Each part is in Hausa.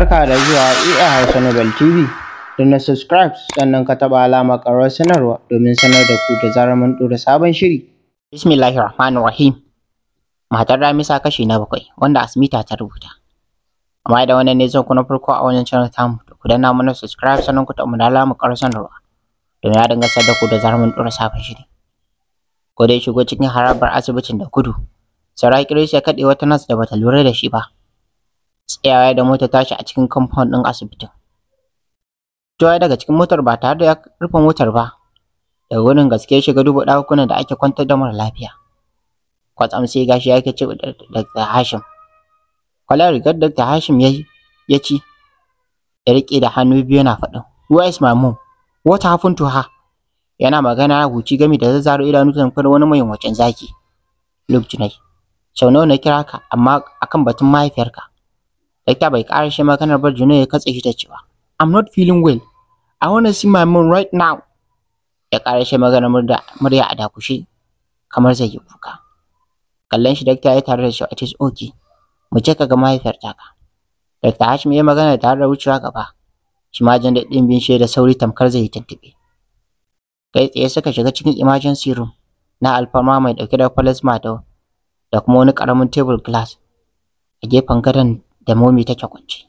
Barka da zuwa EA Hausa Nobel TV. Da na subscribe sannan ka taɓa alama ƙarar sanarwa domin sanar da ku da zarar mun ɗora sabon shiri. Bismillahirrahmanirrahim. Matar Ramisa kashi na bakwai wanda Asmita ta rubuta. Amma da wannan ne zan kuna farko a wannan channel tamu da ku danna mana subscribe sannan ku taɓa alama ƙarar sanarwa domin ya dinga sadar ku da zarar mun ɗora sabon shiri. Ko dai shigo cikin harabar asibitin da kudu Sarai Kirishi ya kaɗe wata nas da bata lura da shi ba. tsayawa da mota tashi a cikin compound ɗin asibitin. Fitowa daga cikin motar ba tare da ya rufe motar ba, daga wurin gaske ya shiga duba ɗakunan da ake kwantar da mara lafiya. Kwatsam sai gashi ya ke da Dr. Hashim. Kwalar rigar Dr. Hashim ya ci, ya riƙe da hannu biyu yana faɗin, Where is my mom? What happened to her? Yana magana huci gami da zazzaro idanu tamkar wani mai zaki. Luke Junai, sau nawa na kira ka amma akan batun mahaifiyarka. Dakta bai shi maganar ba Junaid ya katse shi da cewa I'm not feeling well. I want to see my mom right now. Ya ƙarashe maganar murya a dakushe kamar zai yi kuka. Kallon shi dakta ya tare da shi it is okay. Mu cika ga mahaifiyar taka. Dakta Hashim ya magana tare da wucewa gaba. Shi ma jan daɗin bin shi da sauri tamkar zai yi tuntuɓe. Kai tsaye suka shiga cikin emergency room na alfarma mai ɗauke da plasma da da kuma wani ƙaramin table glass a gefen gadon da momi take kwance.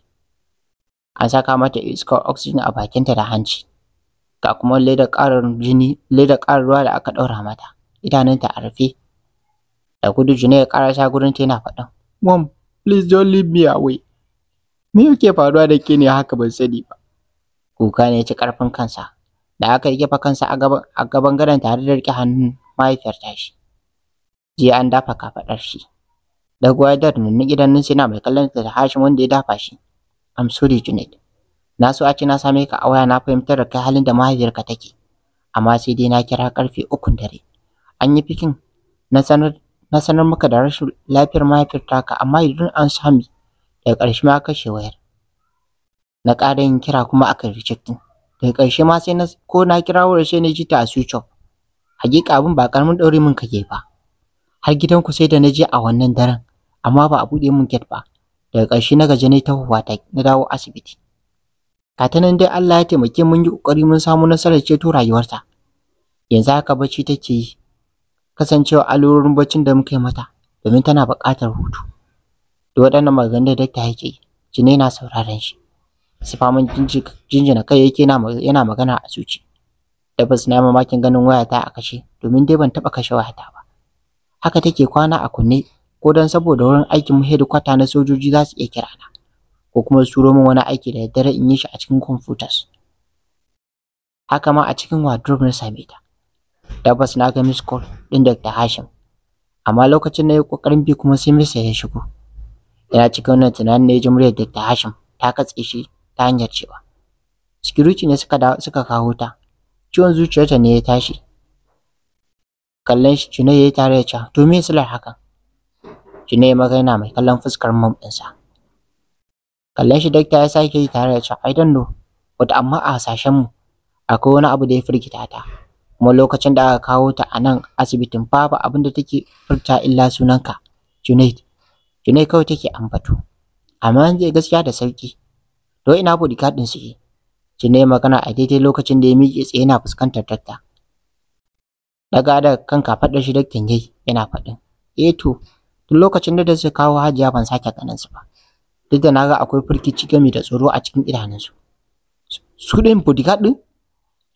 An saka mata iskar oxygen a bakinta da hanci, ga kuma ledar ƙarin jini, ledar ƙarin ruwa da aka ɗaura mata, idanunta a rufe. Da gudu Juna ya gurin ta yana faɗin, Mom, please don't leave me away. Me yake faruwa da ke ne haka ban sani ba? Kuka ne ya ci ƙarfin kansa, da aka yi kansa a gaban gadon tare da riƙe hannun mahaifiyar tashi. Jiya an dafa kafaɗar shi. ni da nan sai na mai kallon ta da Hashim wanda ya dafa shi. I'm sorry Junaid. Na so a ce na same ka a waya na fahimtar da kai halin da mahaifiyarka take. Amma sai dai na kira karfe ukun dare. An yi fikin na sanar na sanar maka da rashin lafiyar mahaifiyar ka, amma idan an sami daga ƙarshe ma kashe wayar. Na ƙara yin kira kuma aka rejectin. Daga ƙarshe ma sai na ko na kira wurin sai na ji ta a switch off. Hakika abin ba karamin ɗaure min kake ba. Har gidanku sai da na je a wannan daren. amma ba a buɗe min gate ba daga ƙarshe na gaje na ta ta na dawo asibiti katanan dai Allah ya taimake mun yi ƙoƙari mun samu nasarar ceto rayuwarta yanzu haka bacci take yi kasancewa allurorin baccin da muka yi mata domin tana buƙatar hutu da waɗannan maganganun da dakta yake jini na sauraron shi sifamin jinjina kai yake yana magana a zuci tabbas na mamakin ganin wayata a kashe domin dai ban taɓa kashe wayata ba haka take kwana a kunne ko dan saboda wurin aikin mu hedikwata na sojoji za su iya kira na ko kuma su min wani aiki da daddare in yi shi a cikin computers haka ma a cikin wardrobe na same ta tabbas na ga miss call din Dr. Hashim amma lokacin na yi kokarin bi kuma sai misa ya shigo ina cikin wannan tunanin ne jam'iyyar Dr. Hashim ta katse shi ta hanyar cewa security ne suka suka kawo ta ciwon zuciyarta ne ya tashi kallon shi ya yayi tare da cewa to me silar hakan Jine ya magana mai kallon fuskar mom ɗinsa. Kallon shi dakta ya sake yi tare da cewa I don't know, but amma a hasashen mu akwai wani abu da ya firgita ta. Kuma lokacin da aka kawo ta a nan asibitin babu abin da take furta illa sunanka, Junaid. Junaid kawai take ambato. Amma yanzu gaskiya da sauki. To ina bodyguard yi. suke? ne magana a daidai lokacin da ya miƙe tsaye yana fuskantar dakta. Daga da kan kafaɗar shi daktan yayi yana faɗin. Eh to, Tun lokacin da suka kawo Hajiya ban sake ganin su ba. Duk da na ga akwai firgici gami da tsoro a cikin idanunsu. Su din bodyguard din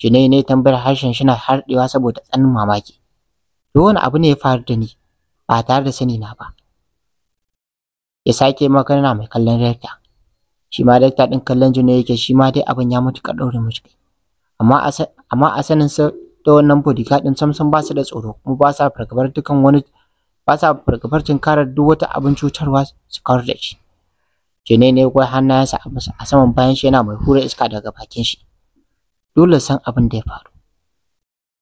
jinai ne tambayar harshen shi na harɗewa saboda tsanin mamaki. duk wani abu ne ya faru da ni ba tare da sani na ba. Ya sake magana mai kallon rekta. Shi ma rekta ɗin kallon Junai yake shi ma dai abin ya mutu ɗaure mu kai. Amma a sanin da wannan bodyguard ɗin samsam ba su da tsoro kuma ba sa fargabar dukan wani ba sa fargabar tunkarar duk wata abin cutarwa su kawar da shi Jene ne ya hannayensa a saman bayan shi yana mai hura iska daga bakin shi dole san abin da ya faru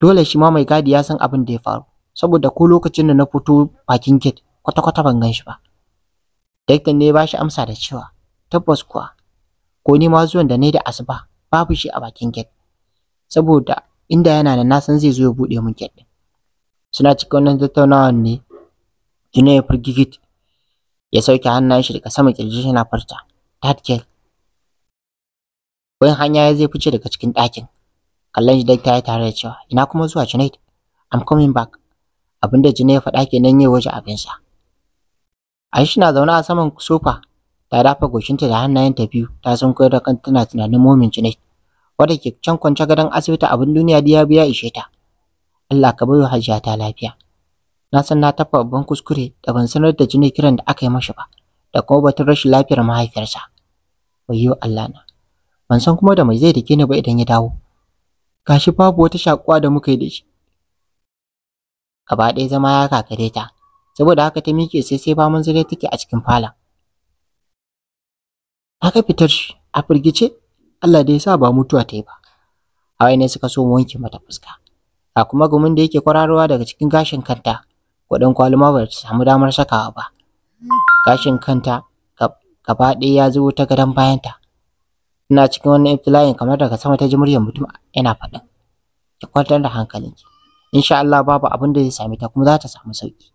dole shi ma mai gadi ya san abin da ya faru saboda ko lokacin da na fito bakin gate kwata-kwata ban gan shi ba Daktan ne ya shi amsa da cewa tabbas kuwa ko ni ma zuwan da ne da asuba babu shi a bakin gate saboda inda yana da na san zai zo ya buɗe mun gate suna cikin wannan tattaunawa ne Juna ya firgigit ya sauke hannayen shi daga sama kirji yana farta. That girl. hanya ya zai fice daga cikin ɗakin. Kallon shi dakta ya tare da cewa ina kuma zuwa Junaid. I'm coming back. Abinda Junaid ya faɗa nan yayi waje abinsa. Aisha na zaune a saman sofa ta dafa goshinta da hannayen ta biyu ta san da kanta tana tunanin momin Junaid. Wadda ke can kwance gadon asibiti abin duniya da ya biya ishe ta. Allah ka baiwa hajiya ta lafiya. na san na taɓa babban kuskure da ban sanar da jini kiran da aka yi mashi ba da kuma batun rashin lafiyar mahaifiyarsa wayo Allah na ban san kuma da mai zai dake ni ba idan ya dawo gashi babu wata shakuwa da muka yi da shi gaba ɗaya zama ya kakare ta saboda haka ta miƙe sai sai ba manzare take a cikin fala haka fitar shi a firgice Allah da ya sa ba mutuwa ta yi ba hawaye ne suka so mu wanke mata fuska a kuma gumin da yake kwararowa daga cikin gashin kanta kuɗin kwaluma ba ta samu damar sakawa ba gashin kanta gaba ɗaya ya zo ta gadon bayanta ina cikin wannan iftila'in kamar daga sama ta ji muryar mutum yana faɗin ki kwantar da hankalinki insha Allah babu abin da zai same ta kuma za ta samu sauki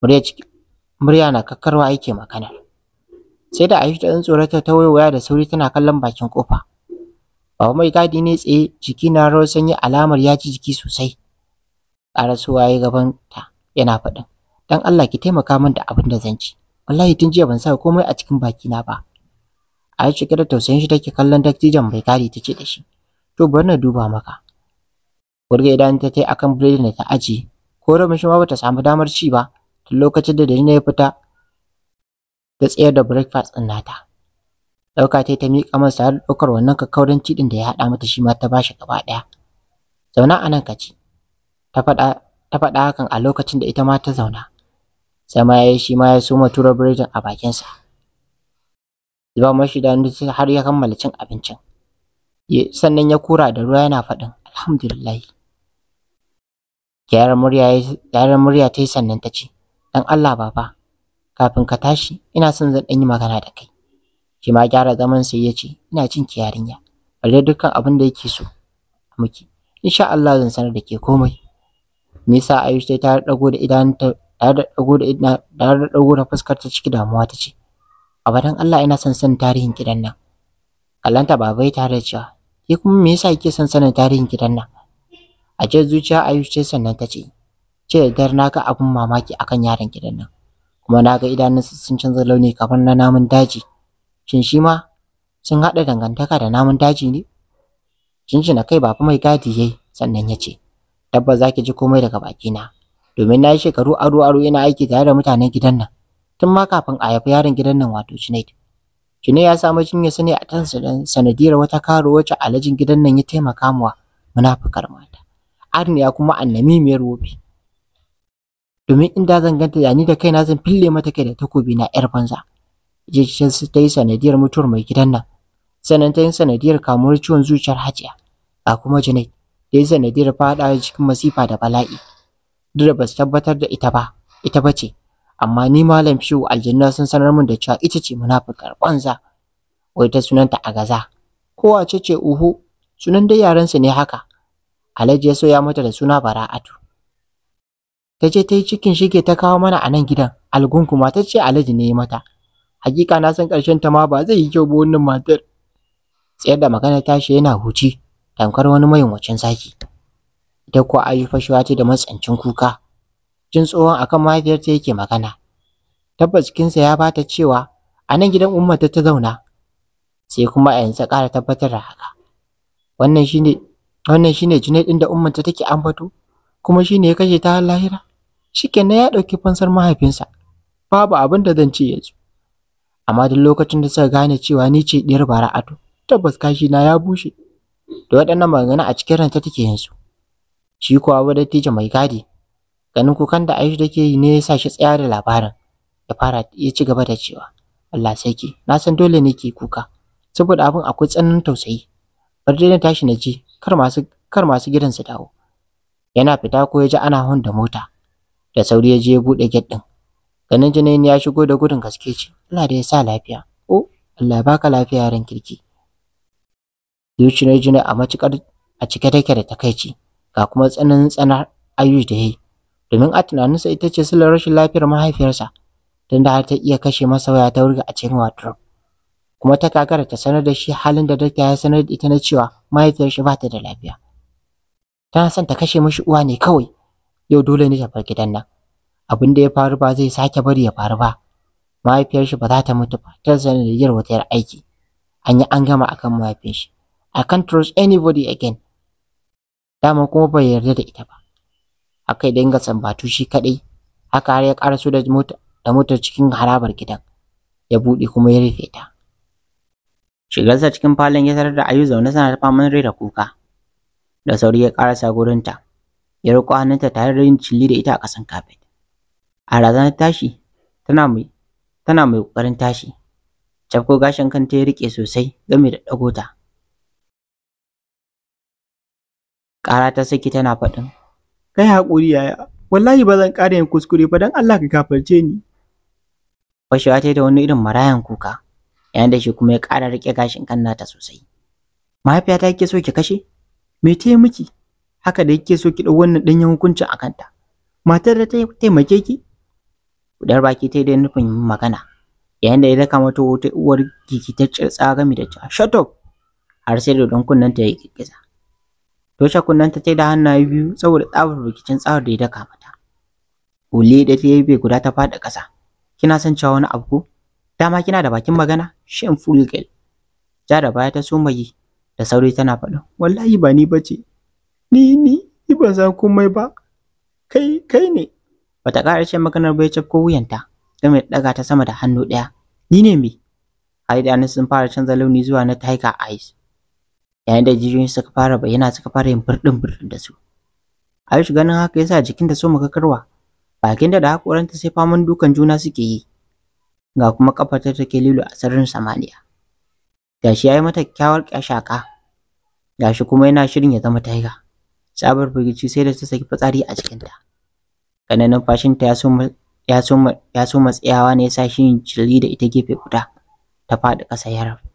murya murya na kakkarwa yake magana sai da Aisha tsoratar tsorata ta waiwaya da sauri tana kallon bakin kofa Baba mai gadi ne tsaye jiki na rawar sanyi alamar ya ji jiki sosai Ƙarasuwa ya gaban ta yana faɗin, Dan Allah ki taimaka min da abin da zan ci. Wallahi tun jiya ban sa komai a cikin na ba. A yi cike da tausayin shi take kallon dattijan bai kare ta ce da shi. To bari na duba maka. Wurga idan ta tai akan biredin da ta ajiye, ko rabin shi ma bata samu damar ci ba, tun lokacin da Darina ya fita ta tsayar da breakfast ɗin nata. Ɗauka ta ta miƙa masa har ɗaukar wannan kakkaurin ci din da ya haɗa mata shi ma ta bashi gaba ɗaya. Zauna a nan ka ci. ta faɗa hakan a lokacin da ita ma ta zauna sai ma yayi shi ma ya soma tura biredin a bakinsa zuba mashi da har ya kammala cin abincin sannan ya kura da ruwa yana faɗin alhamdulillahi. gyaran murya ta yi sannan ta ce dan Allah baba kafin ka tashi ina son zan ɗan yi magana da kai shi ma gyara zaman sai ya ce ina cin ki yarinya bare dukkan abin da yake so miki insha Allah zan sanar da ke komai me yasa Ayush ta dago da idanunta ta dago da idan ta dago da fuskar ta ciki damuwa ta ce abadan Allah ina son san tarihin gidan nan kallanta babai ta da cewa ke kuma me yasa kike son sanin tarihin gidan nan a ce zuciya Ayush ce sannan ta ce ce dar na ga abun mamaki akan yaron gidan nan kuma na ga idanunsa sun canza launi kamar na namun daji shin shi ma sun hada dangantaka da namun daji ne? Jinjina kai baba mai gadi yayi sannan yace tabbas zaki ki ji komai daga bakina domin na yi shekaru aro aro ina aiki tare da mutanen gidan nan tun ma kafin a haifi yaron gidan nan wato Junaid. Junaid ya samu jinya sani a tan sanadiyar wata karo wacce alajin gidan nan ya taimaka mawa munafukar mata. Arniya kuma annami mai wofi. Domin inda zan ganta da ni da kaina zan fille mata kai da takobi na yar banza. Jijjin ta yi sanadiyar mutuwar mai gidan nan. sanan ta yi sanadiyar kamuwar ciwon zuciyar hajiya. a kuma Junaid da ya sanadiyar faɗawa cikin masifa da bala'i dira basu tabbatar da ita ba ita ba amma ni malam shehu aljanna sun sanar min da cewa ita ce munafikar banza wai ta sunanta a gaza Kowa ce uhu sunan dai yarensu ne haka alhaji ya soya mata da suna bara'atu ta ce ta yi cikin shige ta kawo mana a nan gidan algunkuma ta ce alhaji ne mata hakika na san ƙarshen ta ma ba zai yi kyau ba wannan matar tsayar da magana tashi yana huci tamkar wani mayunwacin zaki ita kuwa ayu fashewa ce da matsancin kuka jin tsohon akan mahaifiyarta yake magana tabbas kinsa ya bata cewa a nan gidan ummata ta zauna sai kuma a yanzu ƙara tabbatar da haka wannan shine wannan shine Junaid din da ummata take ambato kuma shine ya kashe ta har lahira shikenan ya dauki fansar mahaifinsa babu abin da zan ce yanzu amma duk lokacin da suka gane cewa ni ce diyar bara ato tabbas kashi na ya bushe da waɗannan magana a cikin ranta take yin su shi kuwa wani dattijo mai gadi ganin kukan da Aisha take yi ne ya sa shi tsaya da labarin ya fara ya ci gaba da cewa Allah sarki na san dole ne ke kuka saboda abin akwai tsananin tausayi bar dai na tashi na ji kar masu kar masu gidan su dawo yana fita ko ya ji ana hon da mota da sauri ya je ya buɗe gate din ganin jinin ya shigo da gudun gaske ce Allah da ya sa lafiya oh Allah ya baka lafiya ran kirki zuciyar jini a matukar a cike take da takaici ga kuma tsananin tsanar Ayu da yayi domin a tunaninsa ita ce silar rashin lafiyar mahaifiyarsa tunda har ta iya kashe masa waya ta wurga a cikin wardrobe kuma ta kakara ta sanar da shi halin da dakta ya sanar da ita na cewa mahaifiyar shi ba ta da lafiya tana son ta kashe mishi uwa ne kawai yau dole ne ta bar gidan nan abin da ya faru ba zai sake bari ya faru ba mahaifiyar shi ba za ta mutu ba ta sanadiyyar wata yar aiki an an gama akan mahaifiyar I can't trust anybody again. Dama kuma bai yarda da ita ba. Aka yi dinga sambatu shi kaɗai, haka har ya ƙaraso da mota da motar cikin harabar gidan. Ya bude kuma ya rufe ta. Shigarsa cikin falon ya tarar da Ayu zaune sana ta faman rera kuka. Da sauri ya ƙarasa gurinta. Ya riƙo hannunta tare da yin cilli da ita a kasan kafet. A razanar tashi, tana mai tana mai ƙoƙarin tashi. Cafko gashin kanta ya rike sosai game da ɗago ta. Ƙara ta saki tana faɗin. Kai haƙuri yaya, wallahi ba zan ƙara yin kuskure ba don Allah ka kafarce ni. Washe, ta da wani irin marayan kuka, yayin da shi kuma ya ƙara riƙe gashin kan nata sosai. Mahaifiyata yake so ki kashe? Me ta yi miki? Haka da yake so ki ɗau wannan ɗanyen hukuncin a kanta. Matar da ta taimake ki? Kudar baki ta yi da nufin magana, yayin da ya daka mata wata uwar gigitacciyar tsagami da ta shut up har sai da don kunnen ta ya ƙirƙiza. toshe kunnen ta ce da hannaye biyu saboda tsabar rikicin tsawar da ya daka mata Ole da ta yi bai guda ta faɗi ƙasa kina son cewa wani abu ko dama kina da bakin magana shin full ja da baya ta so mai da sauri tana faɗa wallahi ba ni bace ni ni ni ba san komai ba kai kai ne bata ƙara ce maganar bai ko wuyanta game da ɗaga ta sama da hannu ɗaya ni ne me har sun fara canza launi zuwa na tiger eyes yayin da jijiyoyin suka fara bayyana suka fara yin birɗin birɗin da su Aisha ganin haka yasa jikin ta so makakarwa bakin da da hakoranta sai faman dukan juna suke yi ga kuma kafa ta take lilo a sararin samaniya gashi yi mata kyawar kyashaka gashi kuma yana shirin ya zama taiga sabar firgici sai da ta saki fitsari a jikinta Ƙananan fashinta ya so ya soma ya so matsayawa ne yasa shi yin cili da ita gefe guda ta faɗi ƙasa ya rabu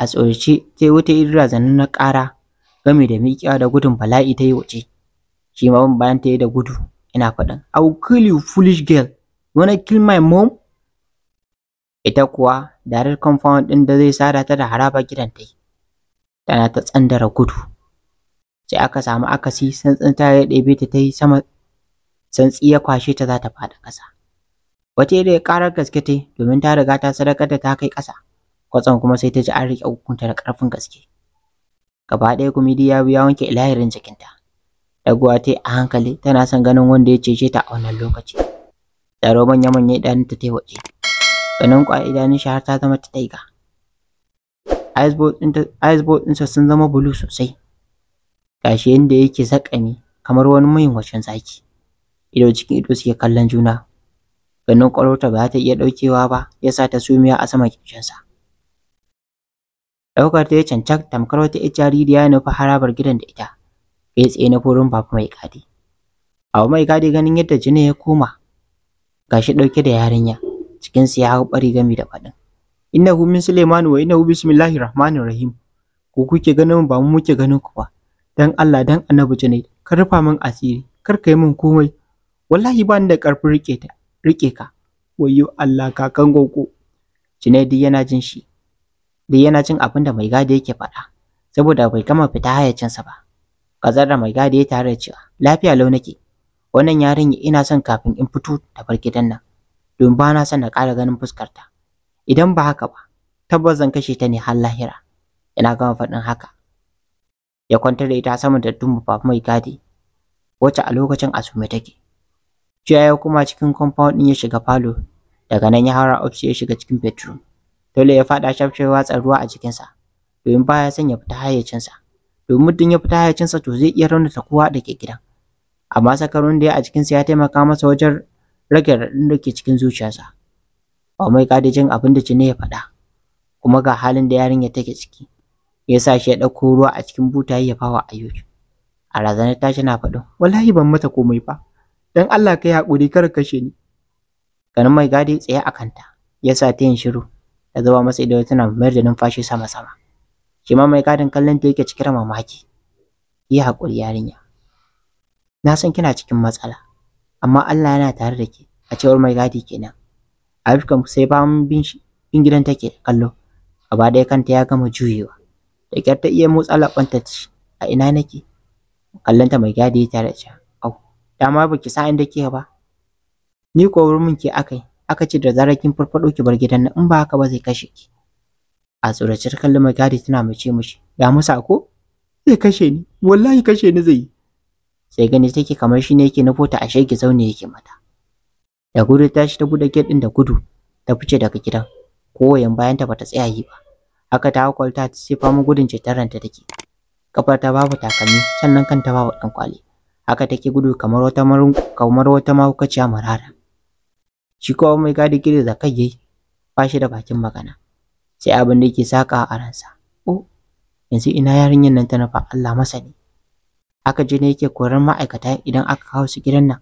a tsorace sai wata irin na ƙara game da miƙewa da gudun bala'i ta yi wace, shi ma bayan ta yi da gudu ina faɗin I will kill you foolish girl you wanna kill my mom ita kuwa darar compound ɗin da zai sada ta da haraba gidan ta tana ta tsandara gudu sai aka samu akasi santsin ta ya ɗebe ta ta yi sama santsi ya kwashe ta za ta faɗi ƙasa wata irin ƙarar gaske ta domin ta riga ta sadakar da ta kai ƙasa kwatsam kuma sai ta ji an riƙe hukunta da ƙarfin gaske gaba ɗaya kumidi ya ya wanke ilahirin jikinta Daguwa ta a hankali tana son ganin wanda ya cece ta a wannan lokaci tsaro manya manya idanun ta waje ganin kwa idanun shi har ta zama ta taiga iceboard ɗinsa sun zama bulu sosai gashi yadda yake zakani kamar wani muyin washin zaki ido cikin ido suke kallon juna ganin ƙwarota ba ta iya ɗaukewa ba ya sa ta sumiya a sama kirjinsa ɗaukar ta ya cancak tamkar wata ita jaririya ya nufi harabar gidan da ita, Ya tsaye na furin Baba Mai kadi Abu Mai kadi ganin yadda jini ya koma, gashi ɗauke da yarinya, cikinsu ya hau bari gami da faɗin. hu min suleiman wa hu bismillahir rahmanir rahim. Ku kuke ganin ba mu muke ganin ku ba. Dan Allah dan Annabi jini ka rufa min asiri, kar ka yi min komai. Wallahi ba ni da ƙarfin rike ta, rike ka. Wayyo Allah kakan gogo. jini yana jin shi, duk yana cin abin da mai gadi yake faɗa saboda bai gama fita hayacinsa ba kazar da mai gadi ya tare cewa lafiya lau nake wannan yarinya ina son kafin in fito da bar gidan nan don ba na son na ƙara ganin fuskarta idan ba haka ba tabbas zan kashe ta ne har lahira ina gama faɗin haka ya kwantar da ita sama da dumbu ba mai gadi wacce a lokacin asume take Jiya ya kuma cikin compound ɗin ya shiga falo daga nan ya haura upstairs ya shiga cikin bedroom Dole ya faɗa shafshewa watsa ruwa a jikinsa, domin baya son ya fita hayyacinsa. Domin mutum ya fita hayyacinsa to zai iya raunata kowa da ke gidan. Amma sakarun da ya a jikinsa ya taimaka masa wajen rage raɗin da ke cikin zuciyarsa. Omai ƙadi jin abin da Jini ya faɗa, kuma ga halin da yarinya take ciki. Ya sa shi ya ɗauko ruwa a cikin buta ya fawa a yuki A razanar tashi na faɗin, wallahi ban mata komai ba, don Allah ka yi haƙuri kar kashe ni. Ganin mai gadi tsaye a kanta, ya sa ta yin shiru ta zuba masa ido tana mayar da numfashi sama-sama. Shi ma mai gadin kallon ta yake cikin mamaki. Yi haƙuri yarinya. Na san kina cikin matsala, amma Allah yana tare da ke, a cewar mai gadi kenan. Afirkan sai ba mun bin gidan take kallo, gaba ɗaya kanta ya gama juyewa. Da kyar ta iya motsa laɓanta ci, a ina nake? Kallonta mai gadi ya tare da Au, dama baki sa da ke ba. Ni ko wurin ke akai, aka ce da zarar kin farfado ki bar gidan nan in ba haka ba zai kashe ki a tsorace kallon kalli mai gadi tana mace mishi ya musa ko zai kashe ni wallahi kashe ni zai sai gani take kamar shi ne yake nufo ta ashe ki zaune yake mata da gudu ta shi ta buɗe gate din da gudu ta fice daga gidan yan bayan ta bata tsaya yi ba haka ta kwalta ta sai famu gudun ta take kafar ta babu takalmi sannan kanta babu dan kwali haka take gudu kamar wata kamar wata mahaukaciya marara shi kuma mai gadi za da kai yayi ba shi da bakin magana sai abin da yake saka a ransa oh yanzu ina yarinyar nan ta nafa? Allah masani aka je ne yake koran ma'aikata idan aka kawo su gidan nan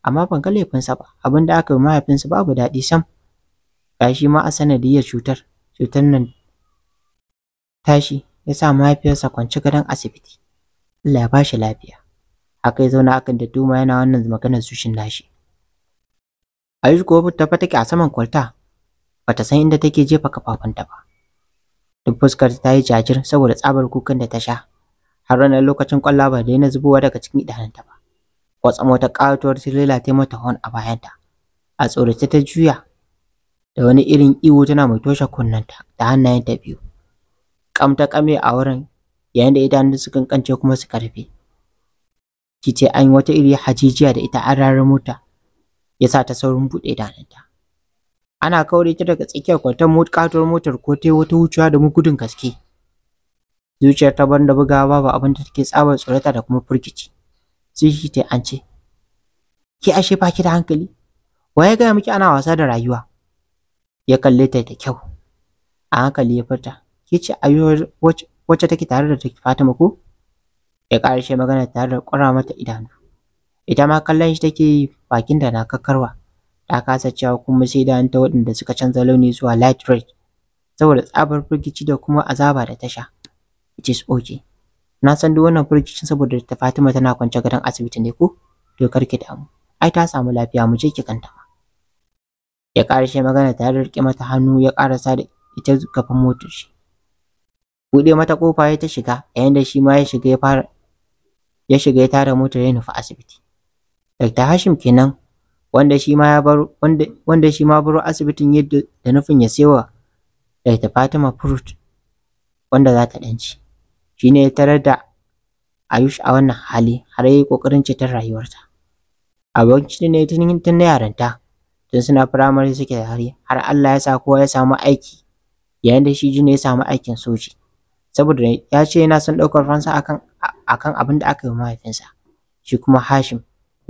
amma ban ga laifinsa ba abin da aka yi mahaifinsa babu daɗi sam shi ma a sanadiyar cutar cutar nan tashi ya sa mahaifiyarsa kwanci gadon asibiti Allah ya ba shi lafiya akai zauna akan da duma yana wannan maganar sushin nashi Ayush kuwa tafa take a saman kwalta bata san inda take jefa kafafunta ba. Duk fuskar ta yi jajir saboda tsabar kukan da ta sha. Har ranar lokacin kwalla ba daina zubowa daga cikin idanunta ba. Kwatsam wata katuwar tirela ta mata hon a bayanta. A tsorace ta juya da wani irin iwo tana mai toshe kunnenta da hannayenta biyu. Kam ta kame a wurin yayin da idanun su kankance kuma su karfe. Kice an yi wata iri hajijiya da ita an rarar mota ya sa ta saurin buɗe idanunta. Ana kaure ta daga tsakiyar kwantar katuwar motar ko ta wata wucewa da gudun gaske. Zuciyar ta banda bugawa babu abin da take tsabar tsorata da kuma firgici. Sai ta an ce, Ki ashe ba ki da hankali? Wa ya gaya miki ana wasa da rayuwa? Ya kalle ta da kyau. A hankali ya furta, Ki ce ayuwar wacce take tare da Fatima ko? Ya ƙarashe magana tare da ƙura mata idanu. ita ma kallon shi take yi da na kakkarwa ta kasa cewa kuma sai da ta waɗanda suka canza launi zuwa light red saboda tsabar firgici da kuma azaba da tasha. which is okay na san duk wannan firgicin saboda ta Fatima tana kwance gadon asibiti ne ko to karki damu ai ta samu lafiya mu je ki kanta ma ya karshe magana tare da rike mata hannu ya karasa da ita gaban motar shi buɗe mata kofa ya ta shiga yayin da shi ma ya shiga ya fara ya shiga ya tara motar ya nufi asibiti Dr. Hashim kenan wanda shi ma ya baro wanda shi ma baro asibitin yadda da nufin ya sewa Dr. Fatima Fruit wanda za ta danci. Shine ya tarar da Ayush a wannan hali har ya yi kokarin ceton rayuwarta. Abokin ne tun tun na yaranta tun suna firamare suke tare har Allah ya sa kowa ya samu aiki yayin da shi jini ya samu aikin soji saboda ya ce yana son ɗaukar fansa akan akan abin da aka yi mahaifinsa shi kuma Hashim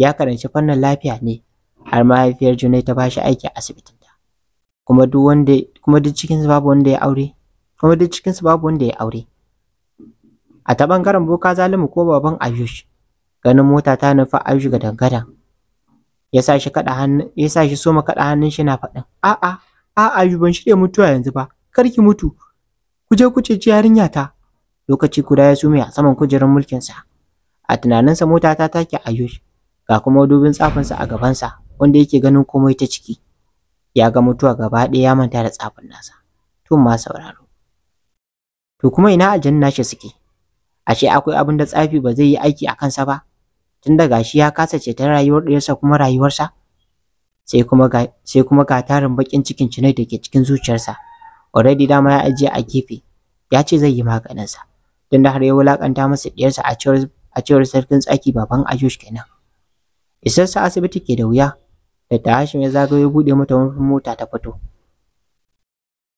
ya karanci fannin lafiya ne har mahaifiyar Junai ta bashi aiki a asibitinta. Kuma duk wanda kuma duk cikin babu wanda ya aure. Kuma duk cikin babu wanda ya aure. A ta bangaren Boka Zalimu ko baban Ayush ganin mota ta nufa Ayush ga dangadan Ya sa shi kada hannu ya sa shi soma kada hannun shi na faɗin. A'a a'a Ayush ban shirya mutuwa yanzu ba. Kar ki mutu. Ku je ku ceci yarinya ta. Lokaci guda ya sume a saman kujerar mulkinsa. A tunaninsa mota ta take Ayush. ga kuma madubin tsafinsa a gabansa wanda yake ganin komai ta ciki ya ga mutuwa gaba ɗaya ya manta da tsafin nasa tun ma sauraro to kuma ina aljanna nashi suke ashe akwai abin da tsafi ba zai yi aiki a kansa ba tun da gashi ya kasa ceton rayuwar ɗiyarsa kuma rayuwarsa sai kuma ga sai kuma ga tarin bakin cikin cinai da ke cikin zuciyarsa already dama ya ajiye a gefe ya ce zai yi maganinsa don da har ya wulakanta masa ɗiyarsa a cewar a cewar sarkin tsaki baban Ayush kenan isarsa asibiti ke da wuya Da Hashim ya zagayo ya buɗe mata wani mota ta fito.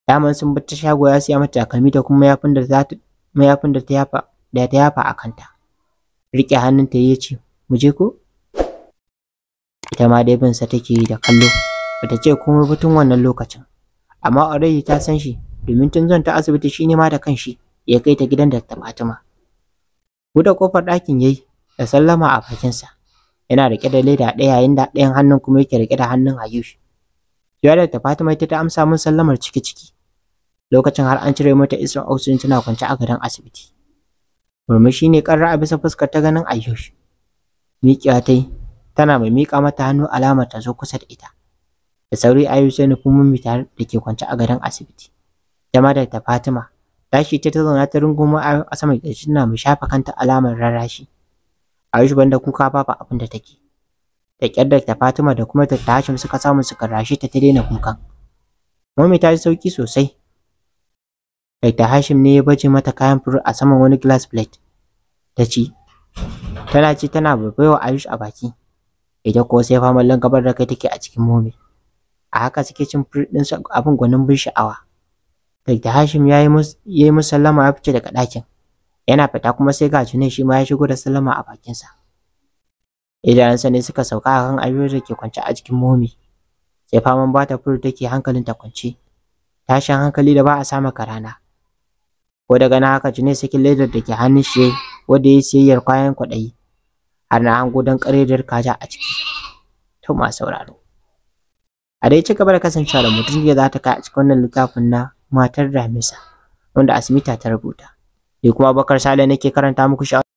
Daman sun bar shago ya siya mata takalmi da kuma mayafin da za ta mayafin da ta yafa da ta yafa a kanta. Riƙe hannunta ya ce, "Mu je ko?" Ita ma dai bin sa take yi da kallo. Bata ce komai ba tun wannan lokacin. Amma already ta san shi domin tun zan ta asibiti shi ne ma da kanshi ya kai ta gidan da Fatima. Buɗe kofar ɗakin yayi da sallama a bakinsa. yana riƙe da leda ɗaya yayin da ɗayan hannun kuma yake riƙe da hannun Ayush. Ziyarar ta Fatima ita ta amsa mun sallamar ciki-ciki. Lokacin har an cire mata iskar oxygen tana kwance a gadon asibiti. Murmushi ne ƙarra a bisa fuskar ta ganin Ayush. Miƙiya ta yi, tana mai miƙa mata hannu alamar ta zo kusa da ita. Da sauri Ayush sai nufin mummi ta da ke kwance a gadon asibiti. Jama da ta Fatima, tashi ta zauna ta rungumo a saman ƙirji tana mai shafa kanta alamar rarrashi. Aisha banda kuka babu abin da take. Da ƙyar da Fatima da kuma ta Hashim suka samu suka rashe ta ta daina kukan. Mami ta ji sauki sosai. Dr. Hashim ne ya baje mata kayan furu a saman wani glass plate. Ta ci. Tana ci tana baiwa Ayush a baki. Ita ko sai faman langabar da kai take a cikin momi. A haka suke cin furu ɗin abin gwanin bin sha'awa. Dr. Hashim ya yi musallama ya fice daga ɗakin. yana fita kuma sai ga ne shi ma ya shigo da salama a bakinsa idanunsa ne suka sauka a kan ayyuka da ke kwance a cikin momi sai faman ba ta furu take hankalin ta kwance tashin hankali da ba a sama karana ko daga na haka Junaid sai ledar da ke hannun shi wanda ya siyayyar kayan kwaɗayi har na hango don ƙaredar kaja a ciki to ma sauraro a dai ci gaba da kasancewa da mutum da za ta kai a cikin wannan littafin na matar da Damisa wanda Asmita ta rubuta ni kuma Bakar Sale nake karanta muku shi